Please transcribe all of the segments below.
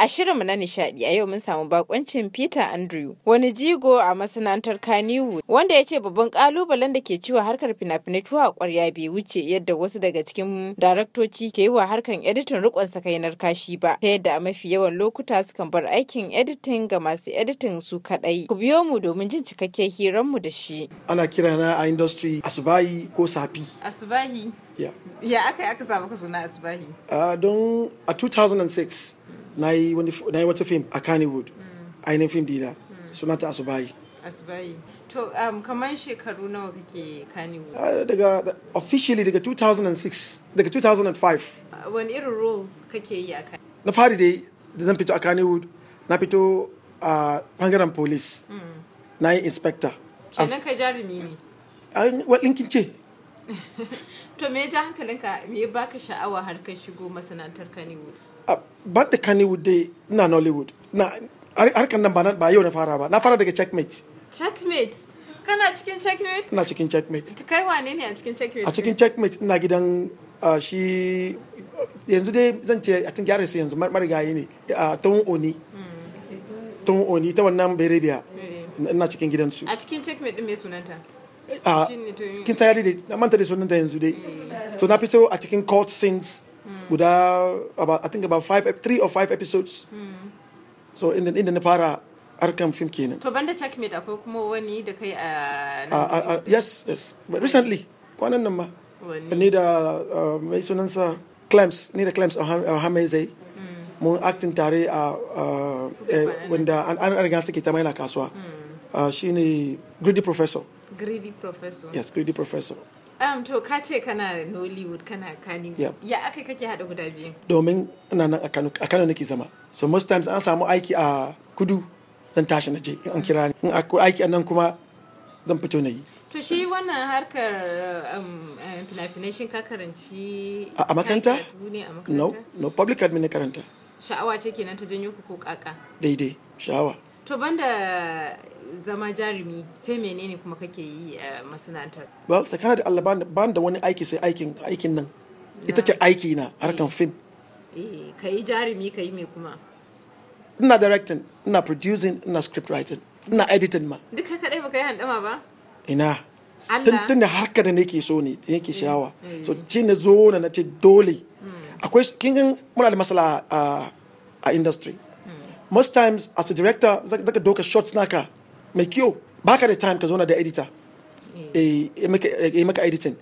A shirinmu na nishadi a yau mun samu bakoncin Peter Andrew, wani jigo a masana'antar Kaniwood. wanda ya ce babban kalubalen da ke ciwa harkar fina-finai tuwa a kwarya bai wuce yadda wasu daga cikin daraktoci ke yi wa harkar editin rikon sakayinar kashi ba, ta yadda a mafi yawan lokuta sukan bar aikin editin ga masu editin su kadai. Ku biyo mu domin jin cikakken hiranmu da shi. Ana kirana a industry asubahi ko safi. Asubahi. Ya. aka yi aka samu ka suna asubahi. Ah, don a 2006 na yi wata fim a Kannywood mm. ainihin fim dina mm. ta Asubayi. Asubayi. To um, kamar shekaru nawa kake Kannywood? Uh, daga officially daga 2006 daga 2005. Uh, wani irin role kake yi a Kannywood? Na fari dai da zan fito a Kannywood na fito a bangaren police mm. na yi inspector. Kenan ka jarumi ne? Ah, Walinkin ce. to me ya ja hankalinka me ya baka sha'awa har ka shigo masana'antar Kannywood? Ah, ban da kannywood dai na nollywood na harkar nan ba yau na fara ba na fara daga checkmate checkmate kana cikin checkmate na cikin checkmate kai wane ne a cikin checkmate a cikin checkmate ina gidan ah, shi yanzu dai zan ce a tunki su yanzu marigayi ne a ah, tun oni hmm. tun oni ta wannan berebiya hmm. ina cikin su a cikin checkmate din mai sunanta kin san da manta da sunanta yanzu dai hmm. so na fito a cikin court scenes guda about I think about five three or five episodes so inda in na fara harkan film kenan to banda checkmate akwai kuma wani da kai a yes yes but recently kwanan nan ma wani da uh, mai sunansa clams ni da clams a hamezai mm. mun acting tare a eh, wanda an riga suke ta maina kasuwa mm. uh, shine greedy professor greedy professor yes greedy professor Um, to ka ce kana Nollywood kana Kano. Yep. Ya aka kake haɗa guda biyu? Domin ina nan a Kano, a Kano nake zama. So most times an samu aiki a kudu zan tashi na je in an kira ni. In aiki a nan kuma zan fito na yi. To shi wannan harkar um, eh, fina-finai shi ka karanci a makaranta? No, no public admin na karanta. Sha'awa ce kenan ta janyo ku ko kaka? Daidai, sha'awa. To banda zama jarumi sai menene kuma kake yi a masana'antar well tsakana da Allah ba da wani aiki sai aikin aikin nan ita ce aiki na harkan film eh, eh ka yi jarumi ka yi me kuma ina directing ina producing ina script writing ina editing ma duka kadai baka yi handama ba ina tun da harka da nake so ne da nake eh, shawa eh. so ci na zo na ce dole hmm. akwai kin muna da masala a industry hmm. most times as a director zaka doka shots naka mai kyau baka da time ka zauna da editor eh. eh, yi maka editing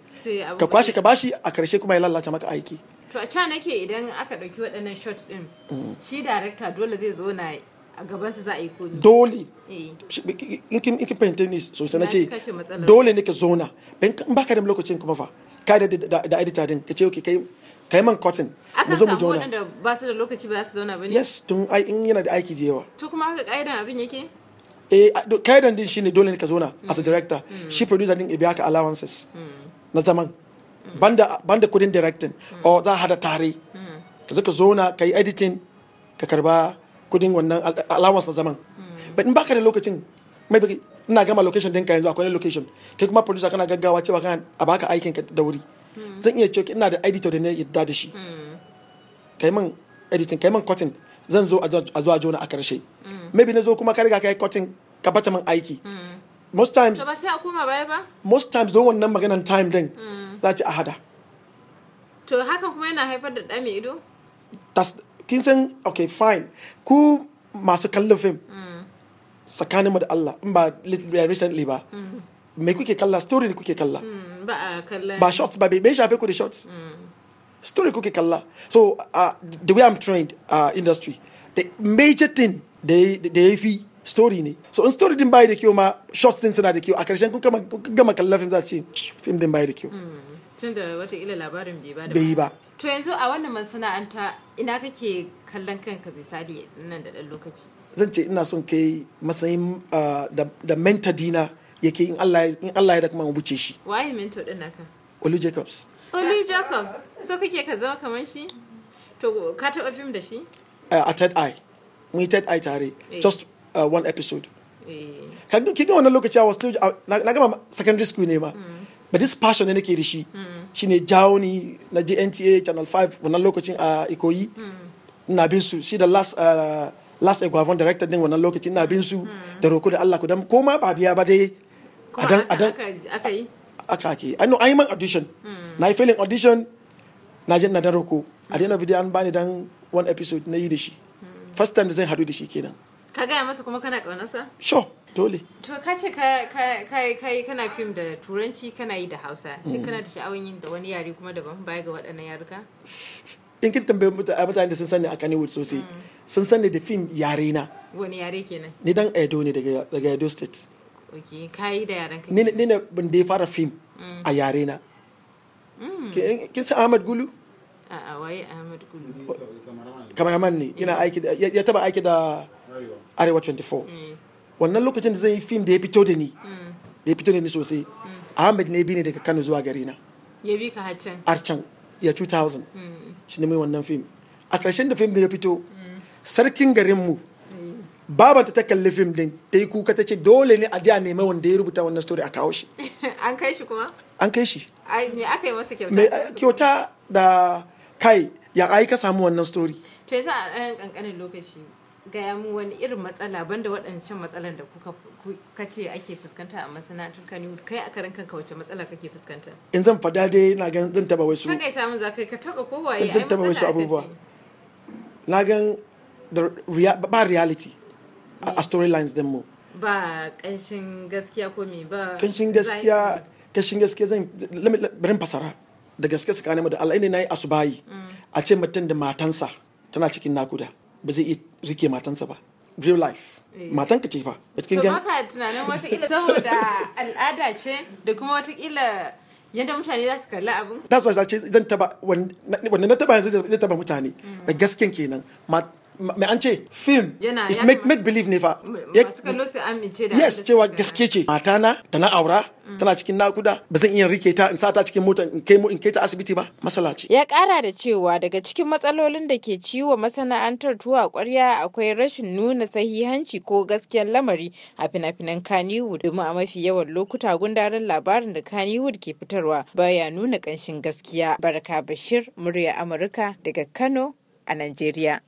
ka kwashe ka bashi a karshe kuma ya lalata maka aiki to a can nake idan aka dauki waɗannan shot din mm. shi director dole zai zo na a gabansa za a yi komi dole eh. in kin fahimta ni sosai na ce dole ne ka zauna in baka da lokacin kuma fa ka da da editor din ka ce okay kai kai man cotton mu zo mu zauna akan samu waɗanda ba su da lokaci ba za su zauna ba ne yes tun in yana da aiki da yawa to kuma haka ka'idan abin yake eh kaidan din shine dole ne ka na mm. as a director mm. shi producer din e biya ka allowances mm. na zaman banda banda kudin directing or za hada tare ka zo ka zo ka yi editing ka karba kudin wannan allowance na zaman but in baka da lokacin mai ina gama location din ka yanzu akwai location kai kuma producer kana gaggawa cewa kana a baka aikin ka da wuri zan iya cewa ina da editor da ne yadda da shi kai man editing kai man cutting zan zo a zuwa jona a karshe maybe na zo kuma ka riga ka yi cutting ka bata min aiki hmm. most times ba sai a koma baya ba most times don wannan maganan time din hmm. za ci a hada to hakan kuma yana haifar da dame ido tas kin san okay fine ku masu kallon fim hmm. tsakanin mu da Allah in ba recently ba me kuke kalla story kuke kalla ba a kalla ba shots ba bai shafe ku da shots story kuke kalla so uh, the way i'm trained uh, industry the major thing da ya fi story ne so in story din bayi da kyau ma shots din suna da kyau a karshen kun gama kallon film za ce film din bayi da kyau hmm. tun da watakila labarin bai ba da bai ba to yanzu a wannan masana'anta ina kake kallon kanka misali nan da ɗan lokaci zan ce ina son kai matsayin ah, da mentor dina yake in Allah in Allah ya da kuma wuce shi waye mentor din naka Olu Jacobs Olu Jacobs so kake ka zama kamar shi to ka taba film da shi ah, a third eye mu yi third eye tare eh. just uh, one episode eh. kiga wannan lokaci a was still na gama secondary school ne ma mm. but this passion ne ke da shi mm. shine jawo ni na JNTA channel 5 wannan lokacin a Ikoyi mm. na bin su shi da last uh, last Eguavon director din wannan lokacin na bin su da roko da Allah ku dan ko ma ba biya ba dai adan adan aka yi aka ake ai no man audition na yi failing audition na je na dan roko a dina video an bani dan one episode na yi da shi first time da zan haɗu da shi kenan ka gaya masa kuma kana ƙaunarsa sure dole to ka ce kai kana fim da turanci kana yi da hausa shi kana da sha'awar yin da wani yare kuma daban baya ga waɗannan yaruka in kin tambayi mutane da sun sani a kanewood sosai mm. sun sani da fim yare na wani yare kenan ni dan edo ne daga edo state ok yi da yaren ka ni ne ban da ya fara fim mm. a yare na mm. kin san ahmad gulu a waye ahmad gulbi kameraman ne yana aiki ya taba aiki da arewa 24 mm. wannan lokacin da zai yi fim da ya fito da ni mm. da ya fito da ni sosai mm. ahmad ne bi ne daga kano zuwa gari na ya bi ka harcan harcan ya 2000 shi ne mai wannan fim a ƙarshen da fim da ya fito sarkin garinmu babanta ta kalli fim din ta yi kuka ta ce dole ne a jiya nemi wanda ya rubuta wannan story a kawo shi an kai shi kuma an kai shi me aka yi masa kyauta kyauta da kai ya ai ka samu wannan story to yasa a ɗayan ƙanƙanin lokaci gaya mu wani irin matsala banda waɗancan matsalan da kuka ce ake fuskanta a masana'antar kanu kai a karan kanka wace matsala kake fuskanta in zan fada dai na gan zan taba wasu ta mun za ka taba ko waye zan taba wasu abubuwa na gan ba reality a storylines din mu ba kanshin gaskiya ko me ba kanshin gaskiya kanshin gaskiya zan bari fasara da gaske tsakanin mu da Allah ina nayi asubayi a ce mutum da matansa tana cikin nakuda ba zai iya rike matansa ba real life eh. matan ka ce fa ba cikin gan baka tunanin watakila saboda al'ada ce da kuma watakila yadda mutane za su kalli abin that's why zan taba wanda na taba yanzu zai taba mutane mm. da gasken kenan mai an ce film is make, make believe ne fa yes cewa gaske ce matana da na aura mm. tana cikin nakuda ba zan iya rike ta in sata cikin mota in kai ta asibiti ba ce. ya kara da cewa daga cikin matsalolin da ke ciwo masana'antar tuwa kwarya akwai rashin nuna sahihanci ko gaskiyar lamari a fina-finan Kannywood domin a mafi yawan lokuta gundarin labarin da Kannywood ke fitarwa baya nuna kanshin gaskiya barka bashir murya amurka daga kano a Najeriya.